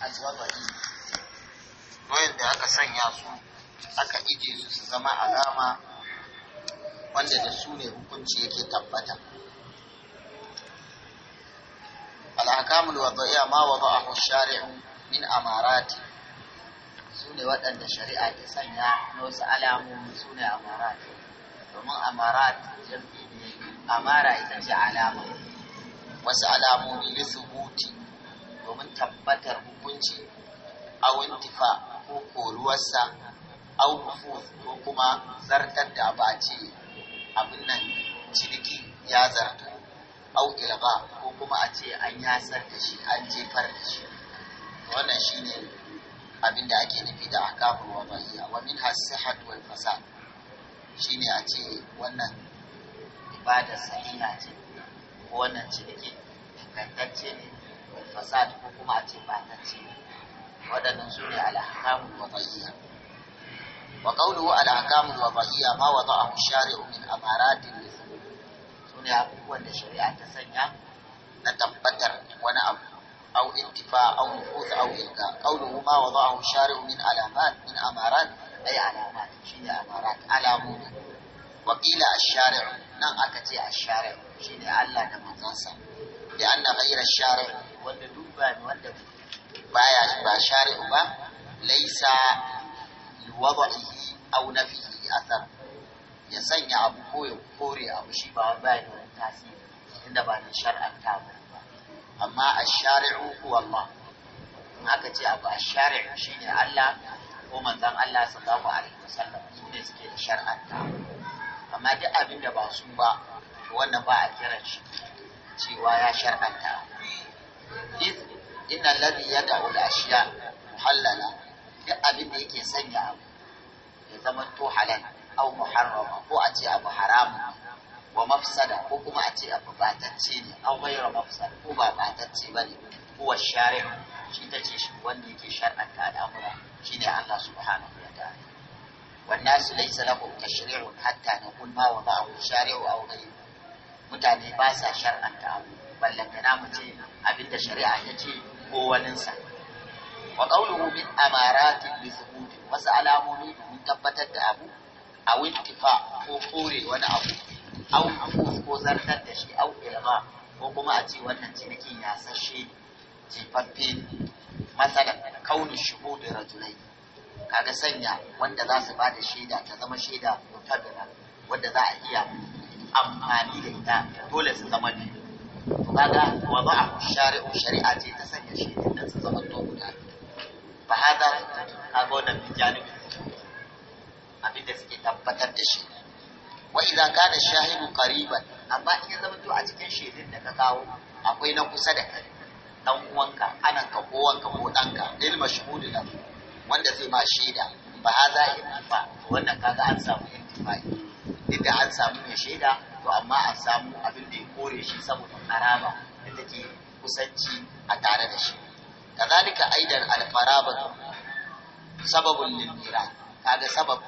alwaba'i doyin da aka sanya su aka ije su su zama alama wanda da su ne hukunci yake tabbata alhakamul wada'iya ma wada'ahu shari'u min amarati su ne waɗanda shari'a ta sanya na wasu alamomi su ne amarati domin amarati jam'i ne amara ita ce alama wasu alamomi lissubuti domin tabbatar hukunci a wintifa ko koruwarsa aukufu ko kuma zartar da ba ce abin nan ciniki ya zartu aukila ba ko kuma a ce an yasar da shi an jefar da shi wannan shi ne abin da ake nufi da akamul wadaiya wa min hasihat wal shi shine a ce wannan ibada sahiha ce ko wannan ciniki ingantacce ne fasad ko kuma a ce batacce waɗannan su ne alhakamul wada'iyya wa qawluhu alhakamul wada'iyya ma wada'ahu shari'u min amaratin lisan su ne abubuwan da shari'a ta sanya na tabbatar wani abu أو انتفاع أو نفوذ أو إلقاء قوله ما وضعه الشارع من علامات من أمارات أي علامات شنو أمارات علامون وقيل الشارع نعم أكتي الشارع شنو ألا دمزنسا da anna ghayra shari wanda duba wanda baya ba shari ba laisa liwadhihi aw nafihi athar ya sanya abu ko ya kore abu shi ba baya da tasiri inda ba na ta ba amma ash-shari'u huwa Allah in aka ce abu ash-shari'u shine Allah ko manzon Allah sallallahu alaihi wasallam su ne suke da ta, amma duk abin da ba su ba wannan ba a kiran shi cewa ya shar'anta iz inna alladhi yad'u al-ashiya muhallala duk abin da yake sanya abu ya zama to halal aw muharrama ko a ce abu haramun wa mafsada ko kuma a ce abu batacce ne aw ghayra mafsada ko ba batacce bane huwa shari' shi tace shi wanda yake shar'anta al'amura shine Allah subhanahu wa ta'ala والناس ليس لهم تشريع حتى نقول ما وضعه الشارع أو غيره mutane ba sa shar'anta abu da namu ce abinda shari'a ya ce ko waninsa wa qawluhu min amaratin li thubuti wasu alamomi domin tabbatar da abu a wintifa ko kore wani abu au ko zartar da shi au ilma ko kuma a ce wannan cinikin ya sashe jefaffe matsalar kauni shigo da rajulai kaga sanya wanda za su ba da shaida ta zama shaida mutabira wanda za a iya amfani da ita dole su zama biyu to kaga wa a shari'u shari'a ce ta sanya shi da su zama to guda fa hada ga wannan bijanibi abin da suke tabbatar da shi wa idan da shahidu qariban amma in ya zama to a cikin shaidin da ka kawo akwai na kusa da kai dan uwanka ana ka ko wanka ko danka lil mashhudu da wanda zai ma shaida ba hada in fa wannan kaga an samu intifai inda an samu mai shaida to amma an samu abin da ya kore shi saboda karaba da take kusanci a tare da shi kazalika aidan alqaraba sababun lil kaga sabab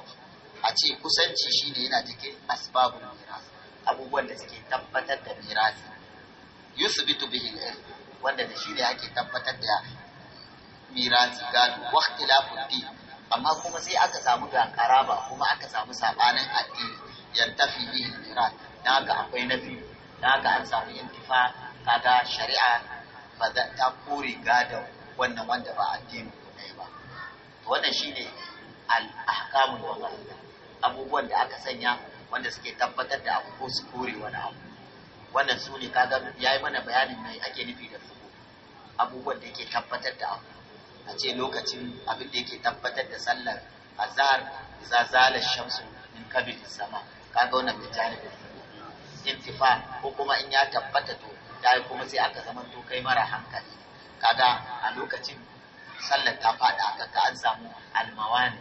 a ce kusanci shine yana cikin asbabun miras abubuwan da suke tabbatar da mirasi yusbitu bihi al wanda da shi ne ake tabbatar da mirasi gado wa ikhtilafud din amma kuma sai aka samu ga karaba kuma aka samu sabanin addini yantafi bihi al-murad haka akwai nafi dan haka an samu intifa kaga shari'a ba za ta kore gadon wannan wanda ba addini ne ba wannan shine al-ahkamul waqariyya abubuwan da aka sanya wanda suke tabbatar da abu ko su kore wani abu wannan su ne kaga yayi mana bayanin mai ake nufi da su abubuwan da yake tabbatar da abu a ce lokacin abin da yake tabbatar da sallar azhar za zala shamsu min kabil sama kaga wannan bai jani intifa ko kuma in ya tabbata to dai kuma sai aka zama to kai mara hankali kaga a lokacin sallar ta faɗa aka ka an samu almawani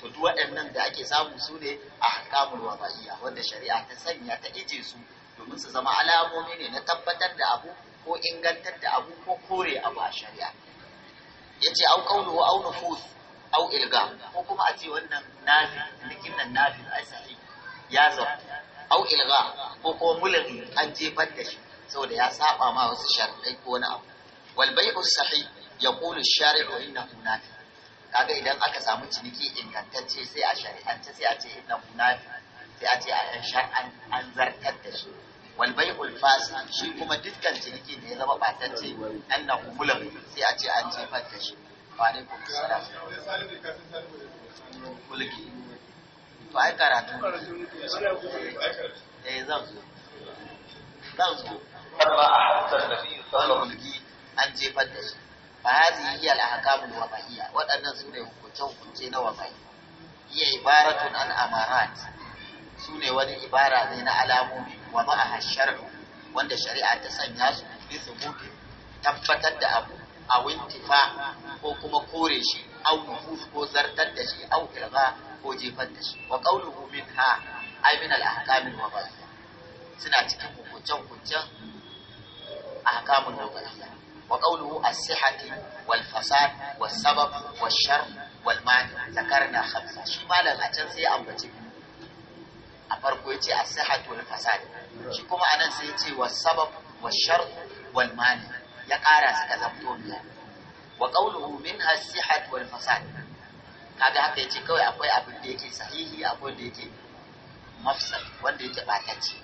to duk waɗannan da ake samu su ne a hakamul waba'iya wanda shari'a ta sanya ta ije su domin su zama alamomi ne na tabbatar da abu ko ingantar da abu ko kore abu a shari'a yace au qawlu au nufus au ilga ko kuma a ce wannan nafi nikin nan nafi ai ya zartu au ilga ko ko mulghi an jefar da shi saboda ya saba ma wasu sharadai ko wani abu wal bai'u sahih yaqulu shari'u innahu nafi kaga idan aka samu ciniki ingantacce sai a shari'ance sai a ce innahu nafi sai a ce a shar'an an zartar da shi wal bai'ul fasid shi kuma dukkan ciniki da ya zama batacce annahu mulghi sai a ce an jefar da shi wa alaikum assalam mulki to ai karatu eh zan zo zan zo amma a hasan nabi sallallahu alaihi an jefar da shi fa hadhihi hiya al-ahkamul wabahiyya waɗannan su ne hukunce hukunce na wabahi hiya ibaratun an amarat su ne wani ibara ne na alamomi wa ma'a shar'u wanda shari'a ta sanya su bi thubuti tabbatar da abu a wintifa ko kuma kore shi au nufus ko zartar da shi au irga ko jefar da shi wa qawluhu minha ay min al ahkam wa wabariya suna cikin hukuncen hukuncen ahkamul wabariya wa qawluhu as sihhati wal fasad was sabab was shar wal mani zakarna khamsa shi malam a can sai ambaci a farko ce a sihhatu wal fasad shi kuma anan sai yace wa sabab was shar wal mani ya ƙara suka zafto biya wa qawluhu minha sihat wal fasad kaga haka yace kawai akwai abin da yake sahihi akwai da yake mafsad wanda yake batacce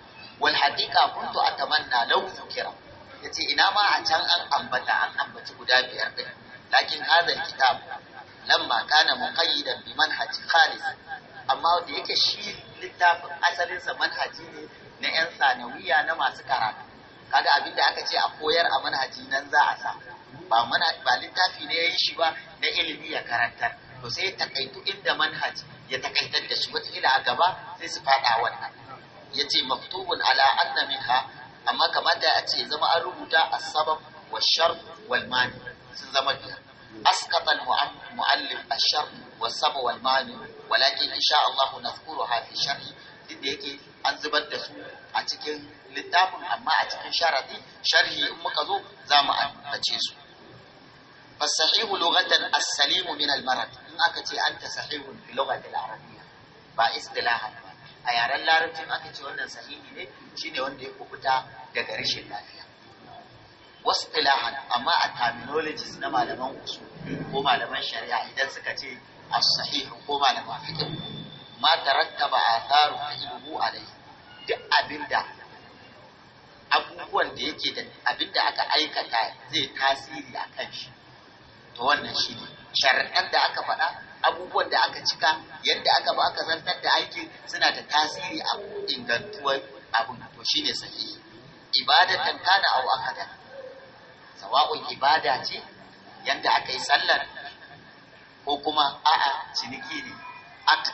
wal haqiqa kuntu atamanna law zukira yace ina ma a can an ambata an ambaci guda biyar din lakin hadha kitab lamma kana muqayyidan bi manhaj khalis amma da yake shi littafin asalinsa manhaji ne na 'yan sanawiya na masu karatu kaga abin da aka ce a koyar a manhaji nan za a sa ba mana ba littafi ne yayi shi ba na ilimi ya karantar to sai takaitu inda manhaji ya takaitar da su wataƙila a gaba sai su faɗa wannan ya ce maktubun ala anna minha amma kamata a ce zama an rubuta asabab wa shar wal mani sun zama biyar asqata al muallif ashar wa sab wal mani walakin insha Allah nazkuruha fi sharhi duk da yake an zubar da su a cikin littafin amma a cikin sharadi sharhi in muka zo za mu ambace su fasahihu lughatan as-salimu min al-marad in aka ce anta sahihu fi lughati al-arabiyya ba istilahan a yaren larabci aka ce wannan sahihi ne shine wanda ya kubuta daga rashin lafiya wasu ilahan amma a terminologies na malaman usul ko malaman shari'a idan suka ce as-sahih ko malaman fiqh ma tarattaba atharu ilmu alai duk abinda abubuwan da yake da abin da aka aikata zai tasiri a kan shi to wannan shi ne sharaɗar da aka faɗa abubuwan da aka cika yadda aka ba aka zantar da aikin suna da tasiri a ingantuwar abin to shi ne sahihi ibadatan kana au da, sawa'un ibada ce yadda aka yi sallar ko kuma a'a ciniki ne act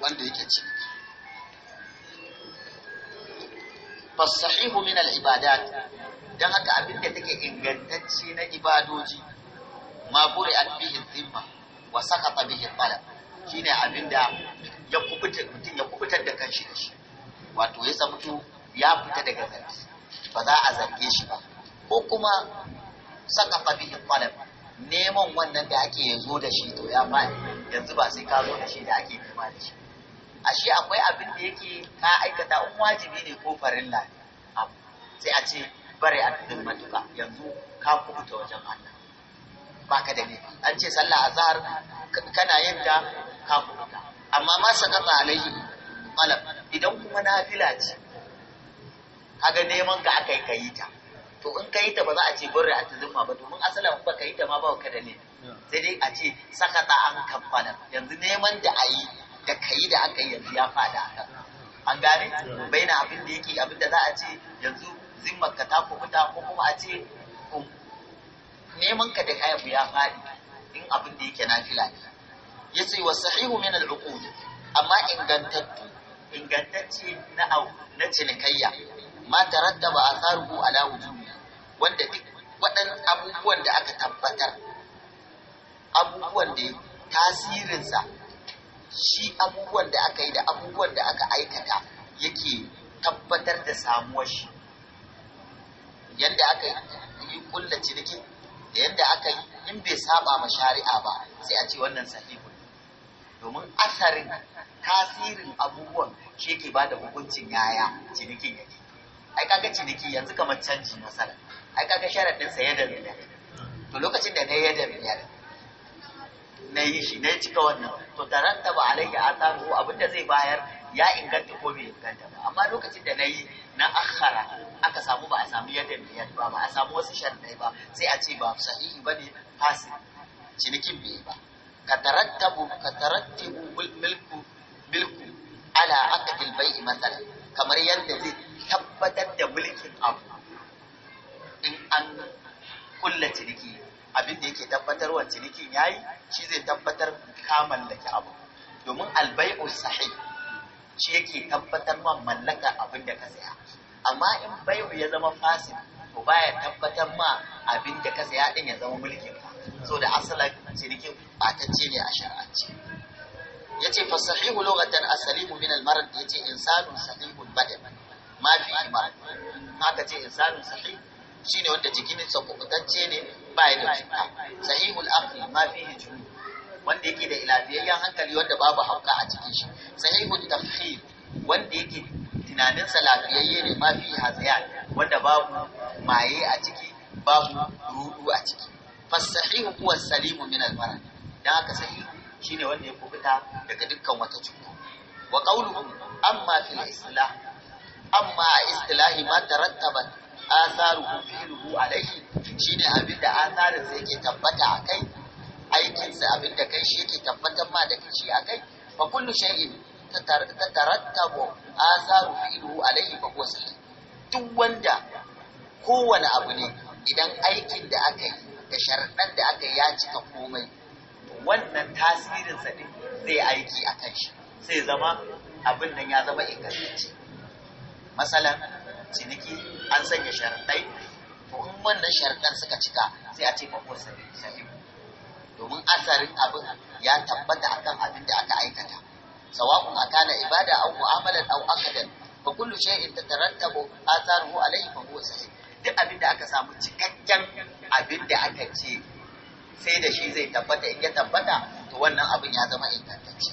wanda yake ciniki fasahihu min al-ibadat dan haka abinda take ingantacce na ibadoji ma qur'at bihi dhimma wa saqata bihi talab shine abinda ya kubuta mutum ya kubutar da kanshi da shi wato ya zama zamto ya fita daga zargi ba za a zarge shi ba ko kuma saqata bihi talab neman wannan da ake yanzu da shi to ya ba yanzu ba sai ka zo da shi da ake nema da shi ashe akwai abin da yake ka aikata in wajibi ne ko farilla sai a ce bare a matuka yanzu ka kubuta wajen Allah baka da ni. an ce sallah azhar kana yin ta ka kubuta amma ma sakata alaihi malam idan kuma na ce kaga neman ka aka yi kayi ta to in kayi ta ba za a ce bare a ma ba domin asalan ba kai ta ma ba ka da ni. sai dai a ce sakata an kammala yanzu neman da ayi da kai da aka yanzu ya fada kan. an gane bai na abin da yake abin da za a ce yanzu zimmar ka ta kubuta ko kuma a ce um, neman ka da kayan ya fadi in abin da yake fila ne ya ce wa sahihu min al amma ingantattu ingantacce na au na cinikayya ma tarattaba atharuhu ala wujubi wanda duk waɗan abubuwan da aka tabbatar abubuwan da tasirinsa shi abubuwan da aka yi da abubuwan da aka aikata yake tabbatar da samuwar shi yadda aka yi kulla ciniki da yadda aka yi in bai saba ma shari'a ba sai a ce wannan sahihu domin asarin tasirin abubuwan shi yake ba da hukuncin yaya cinikin yake ai kaga ciniki yanzu kamar canji masala ai kaga sharaɗinsa sa yadda biyar to lokacin da na yadda biyar na yi shi na yi cika wannan to da ran taba alayya a abin da zai bayar ya inganta ko bai inganta ba amma lokacin da na yi na akhara aka samu ba a samu yadda yadda ba ba a samu wasu sharɗai ba sai a ce ba sahihi ba ne fasin cinikin bai ba ka katarattibu milku milku ala aqdil bai'i masalan kamar yadda zai tabbatar da mulkin abu in an kulla ciniki abin da yake tabbatar wa cinikin yayi shi zai tabbatar ka mallaki abu domin albai'u sahi shi yake tabbatar man mallaka abin da ka saya amma in bai'u ya zama fasid to baya tabbatar ma abin da ka saya din ya zama mulkin ka so da asalin cinikin batacce ne a shar'ance yace fa sahihu lughatan asalimu min al-marad yace Sahihu sahihul badan ma fi marad haka ce insanu sahih shine wanda jikinsa kubutacce ne ba ya da cuta sahihul aqli ma fihi junun wanda yake da ilafiyayyen hankali wanda babu hauka a cikin shi sahihul tafkhir wanda yake sa lafiyayye ne ma fihi hazaya wanda babu maye a ciki babu rudu a ciki fasahihu huwa salimu min al-marad dan haka sahihu shine wanda ya kubuta daga dukkan wata cuta wa qawluhu amma fil islah amma istilahi ma tarattabat atharuhu fi'luhu alaihi shine abin da asarin sa yake tabbata a kai aikin sa abin da kai shi yake tabbatar ma da shi a kai fa kullu shay'in tatarattabu atharu fi'luhu alaihi fa huwa sahih duk wanda kowane abu ne idan aikin da aka yi da sharadan da aka yi ya cika komai wannan tasirinsa din zai aiki a kan shi sai zama abin nan ya zama ingantacce masalan ciniki an sanya sharaɗai to in wannan sharaɗan suka cika sai a ce babuwar sahih domin asarin abin ya tabbata akan abin da aka aikata sawa'un akana ibada aw mu'amalan aw akadan fa kullu shay'in tatarattabu atharuhu alayhi fa huwa sahih duk abin da aka samu cikakken abin da aka ce sai da shi zai tabbata in ya tabbata to wannan abin ya zama ingantacce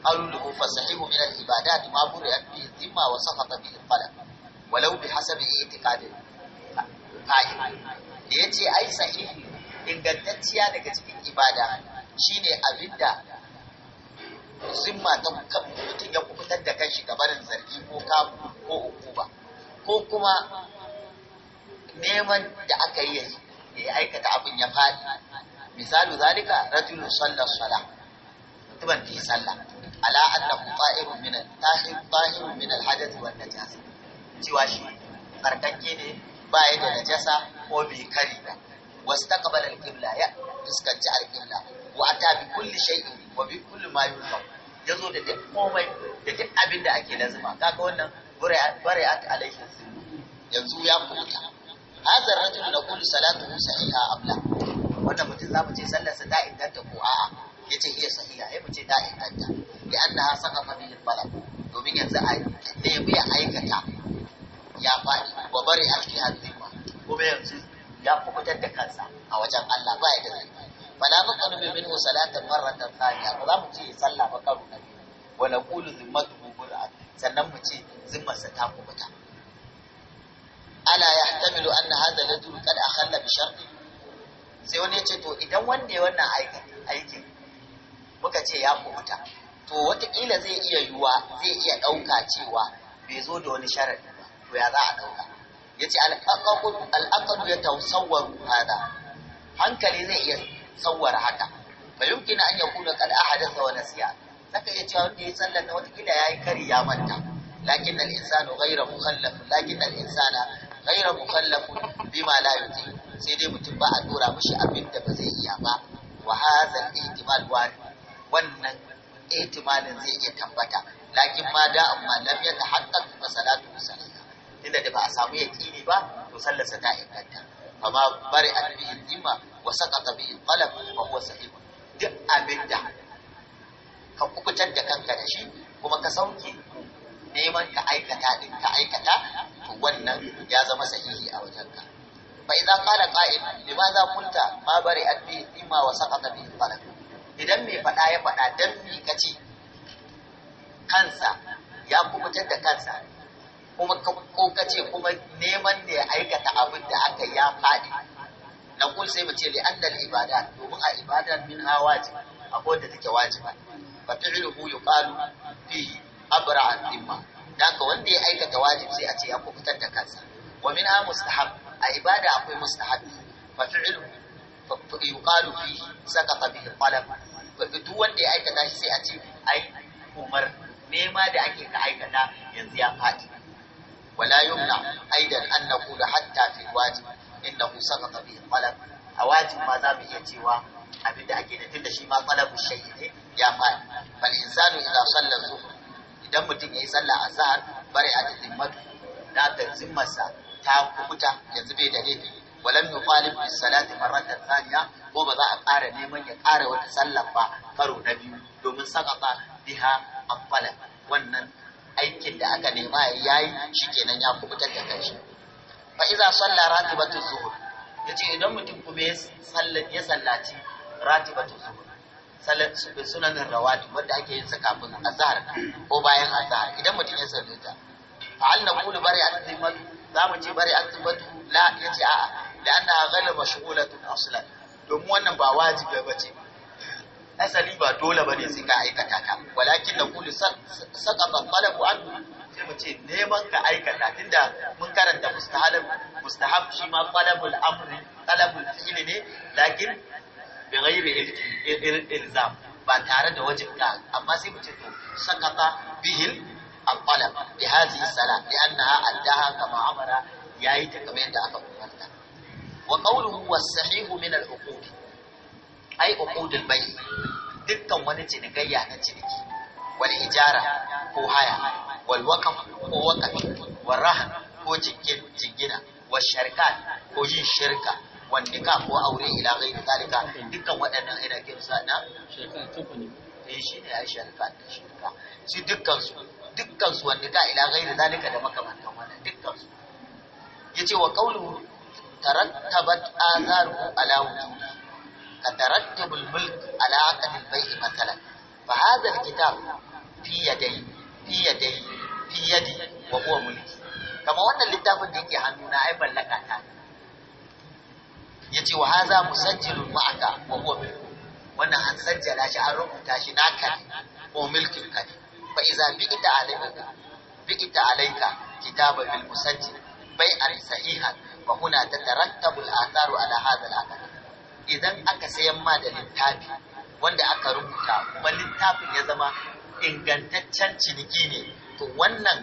قالوا له fa من min ما ibadat به buri'at bi به wa walau bi hasabi i'tiqadin qa'im da yace ai sahihi ingantacciya daga cikin ibada shine abinda zimma ta mutum ya kubutar da kanshi gabanin zargi ko kamu ko ukuba ko kuma neman da aka yi ya da ya aikata abin ya faɗi misalu zalika rajulun sallar sala mutumin ki sallah ala annahu ta'irun min al-tahir ta'irun min al-hadath wa najasa cewa shi tsarkake ne ba ya da najasa ko mai kari ba wasu ta kabar qibla ya fuskanci al wa ata bi kulli shay'in wa bi kulli ma Ya zo da duk komai da duk abin da ake lazima kaga wannan bari'at alaihi yanzu ya kuta hazar rajul na kullu salatuhu sahiha abla wannan mutum za mu ce sallarsa ta inganta ko a'a ya ce iya sahiha ya ce ta inganta Ya annaha saka bihi al-balad domin yanzu a ne ya aikata ya faɗi wa bari a cikin hadima kuma yanzu ya kubutar da kansa a wajen Allah ba ya da zai fala maqalu minhu salatan marratan thaniya ba za mu ce sallah ba karu na biyu wa naqulu zimmatuhu qur'an sannan mu ce sa ta kubuta ala yahtamilu anna hadha rajul qad akhalla bi sharti sai wani ya ce to idan wanne wannan aikin muka ce ya kubuta to watakila zai iya yiwuwa zai iya ɗauka cewa bai zo da wani sharadi to ya za a dauka yace al-aqlu al hada hankali zai iya sawwara haka fa yumkina an yakuna qad ahadatha wa nasiya saka yace wanda ya sallar na wata kila yayi kari ya manta lakin al-insanu ghayra mukhallaf lakin al-insana ghayra mukhallaf bima la yuti sai dai mutum ba a dora mishi abin da ba zai iya ba wa hadha al-ihtimal wannan ihtimalin zai iya tabbata lakin ma da amma lam yatahaqqaq fa salatu sahiha tunda da ba a samu yaqini ba to sallarsa ta inganta amma bari an bi himma wa saqata bi qalb wa huwa sahih duk abinda ka kukutar da kanka da shi kuma ka sauke neman ka aikata din ka aikata to wannan ya zama sahihi a wajenka fa idza qala qa'il za qulta ma bari an bi himma wa saqata bi qalb idan mai faɗa ya faɗa dan mi kace kansa ya kubutar da kansa kuma ko ka ce kuma neman da ya aikata abin da aka ya faɗi na kun sai mu ce li annal ibada domin a ibada min ha wajib akwai da take wajiba fa fi'luhu yuqalu fihi abra an dimma haka wanda ya aikata wajib sai a ce ya kubutar da kansa wa min ha mustahab a ibada akwai mustahab fa fi'luhu yuqalu fihi saqata bihi qalam duk wanda ya aikata shi sai a ce ai umar nema da ake ka aikata yanzu ya faɗi ولا يمنع أيضا أن نقول حتى في الواجب إنه سقط به الطلب أواجب ما دام يتوى abinda ake da tunda shi ma talabu shay'i ne ya faɗi bal insanu idza salla zuhur idan mutum ya yayi sallah azhar bare a dimmatu da tanzimmarsa ta kubuta yanzu bai da laifi walam yuqalib bis salati marratan thaniya ko ba za a ƙara neman ya ƙara wata sallar ba karo na biyu domin sakata biha amfala wannan aikin da aka nema ya yi shikenan ya kubutar da kanshi fa iza salla ratibatu zuhur yace idan mutum kuma ya sallaci ya sallaci ratibatu zuhur salat sunan rawati wanda ake yin sa kafin azhar ko bayan azhar idan mutum ya sallata fa al naqulu bari azimatu za mu ce bari azimatu la yace a'a la'anna ghalaba shughulatu aslan domin wannan ba wajibi bace asali ba dole bane sai ka aikata ta walakin na kullu saqata talabu an sai mu ce neman ka aikata tunda mun karanta mustahalab mustahab shi ma talabul amri talabul fi'li ne lakin bi ghairi ilzam ba tare da wajib ka amma sai mu ce to saqata bihil al-talab bi hadhihi salat li annaha addaha kama amara yayi ta kamar yadda aka umarta wa qawluhu was sahih min al-uqud ay uqud al-bayt dukkan wani cinikayya na ciniki wani ijara ko haya walwakan ko wakaf wal ko jingina wani shirka ko yin shirka wani nikah ko aure ila ghairi talika dukkan waɗannan ina sa na eh shi ne ya sharkat shirka shi dukkan su dukkan su wal nikah ila ghairi talika da makamantan wannan dukkan su yace wa qawluhu tarattabat azaru ala wujuhi تترتب الملك على عقد البيع مثلا فهذا الكتاب في يدي في يدي في يدي وهو ملكي كما wannan littafin da yake hannuna ai ballaka ta yace wa hadha musajjalun ma'aka wa huwa milku wannan an sajjala shi an rubuta shi naka ko milkin ka ne fa iza bi'ta alayka bi'ta alayka kitaban lil musajjal bai'an huna idan aka sayan ma da littafi wanda aka rubuta kuma littafin ya zama ingantaccen ciniki ne to wannan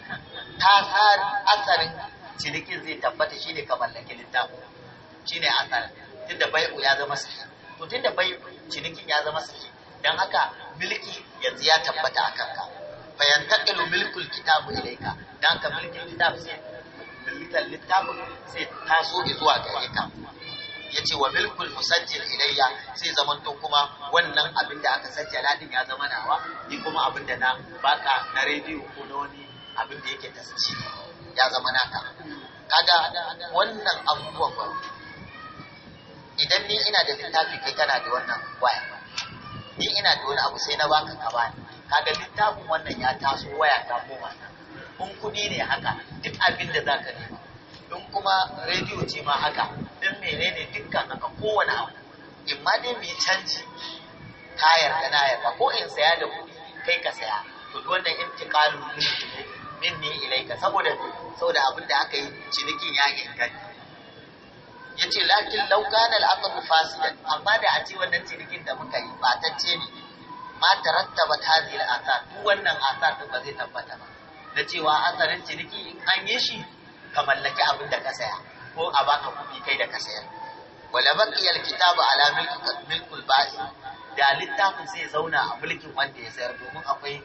tsari asarin cinikin zai tabbata shine ka mallaki littafin shine asarin tunda bai'u ya zama sahi to tunda bai cinikin ya zama sahi dan haka milki yanzu ya tabbata a kanka bayan taƙilu milkul kitabu ilaika dan haka milkin kitab sai littafin sai taso zuwa gare ka yace wa milkul musajjil ilayya sai zaman to kuma wannan abin da aka sajjala din ya zama nawa ni kuma abin da na baka na rediyo ko na wani abin da yake tasiri ya zama naka kaga wannan abubuwan ba idan ni ina da littafi kai kana da wannan waya ni ina da wani abu sai na baka ka bani kaga littafin wannan ya taso waya ta koma in kuɗi ne haka duk abin da zaka nema in kuma rediyo ce ma haka din menene dukkan haka kowane abu in ma dai mu canji ka yarda na yarda ko in saya da kuɗi kai ka saya to wannan intiqalu minni ilaika saboda saboda abin da aka yi cinikin ya inganta yace lakin law kana al-aqd fasidan amma da a ce wannan cinikin da muka yi ba ce ne ma tarattaba hadhihi al-athar duk wannan athar din ba zai tabbata ba da cewa asarin ciniki in an yi shi ka mallaki abin da ka saya ko a baka kuɗi kai da ka sayar wala baqiyal kitabu ala milkul milkul ba'i da littafin zai zauna a mulkin wanda ya sayar domin akwai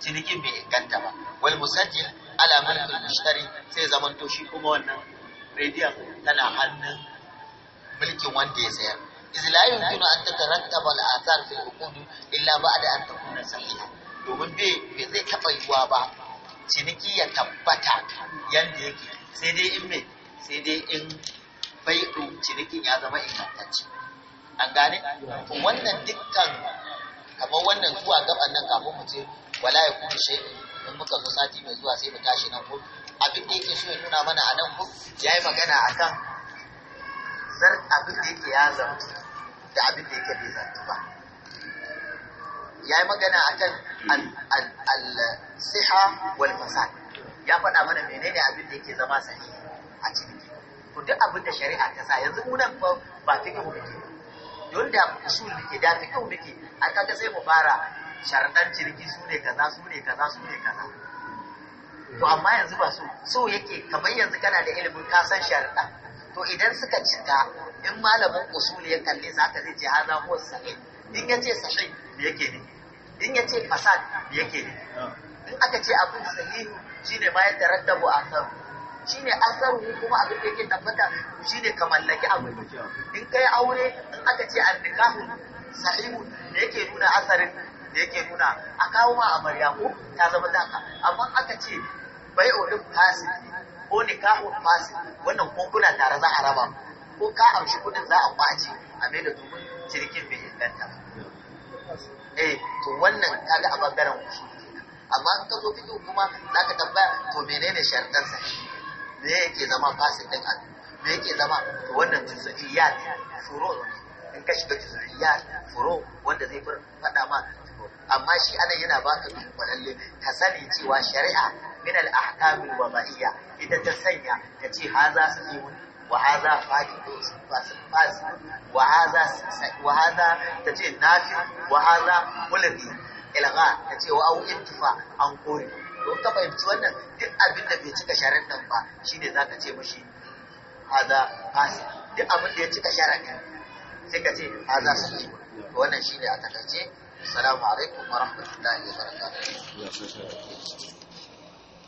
cinikin bai inganta ba wal musajjil ala milkul mushtari sai zaman to shi kuma wannan rediyon tana hannun mulkin wanda ya sayar iz la yumkinu an tatarattaba al athar fil uqud illa ba'da an takuna sahiha domin bai zai taɓa yiwuwa ba ciniki ya tabbata yanda yake sai dai in mai sai dai in bai'u cinikin ya zama ingantacce an gane kun wannan dukkan kamar wannan zuwa gaban nan kafin mu ce wala ya kuma in muka zo sati mai zuwa sai mu tashi nan ko abin da yake so ya nuna mana a nan ko ya yi magana a kan zar abin da yake ya zama, da abin da yake bai zartu ba ya yi magana a kan al-siha wal fasad ya faɗa mana menene abin da yake zama sahihi a cikin to duk abin da shari'a ta sa yanzu mu nan ba mu muke don da usul nake da mu muke a kaga sai mu fara sharadan jirgi su ne kaza su ne kaza su ne kaza to amma yanzu ba so so yake kamar yanzu kana da ilimin ka san sharadan to idan suka cika in malamin usul ya kalle za ka zai ce haza huwa sahih in yace sahih me yake ne in yace fasad me yake ne ah. in aka ce abin sahihu shine da raddabu a kan shine asaru kuma abin da yake tabbata shine ka mallaki abu in kai aure in aka ce annikahu sahihu da yake nuna asarin da yake nuna a kawo ma amarya ko ta zama ka? amma aka ce bai odin fasi ko nikahun fasi wannan ko kuna tare za a raba ko ka amshi kudin za a kwace a mai da domin cirkin bai inganta eh to wannan kaga a bangaren usul amma ka zo fito kuma zaka tambaya to menene sharɗan sahihi me yake zama fasikin an me yake zama wannan juz'iyat furu in ka shiga juz'iyat furu wanda zai faɗa ma amma shi anan yana ba baka kwalalle ka sani cewa shari'a min al ahkam al wada'iyya ita ta sanya ta ce haza su wani. wa haza fadi su fasid wa haza wa haza ta ce nafi wa haza mulki ilgha ta ce wa au intifa an kori? don ka fahimci wannan duk abin da bai cika sharar nan ba shi ne za ka ce mashi haza asi duk abin da ya cika nan sai ka ce haza Ba wannan shi ne a takaice assalamu alaikum wa rahmatullahi wa barakatuh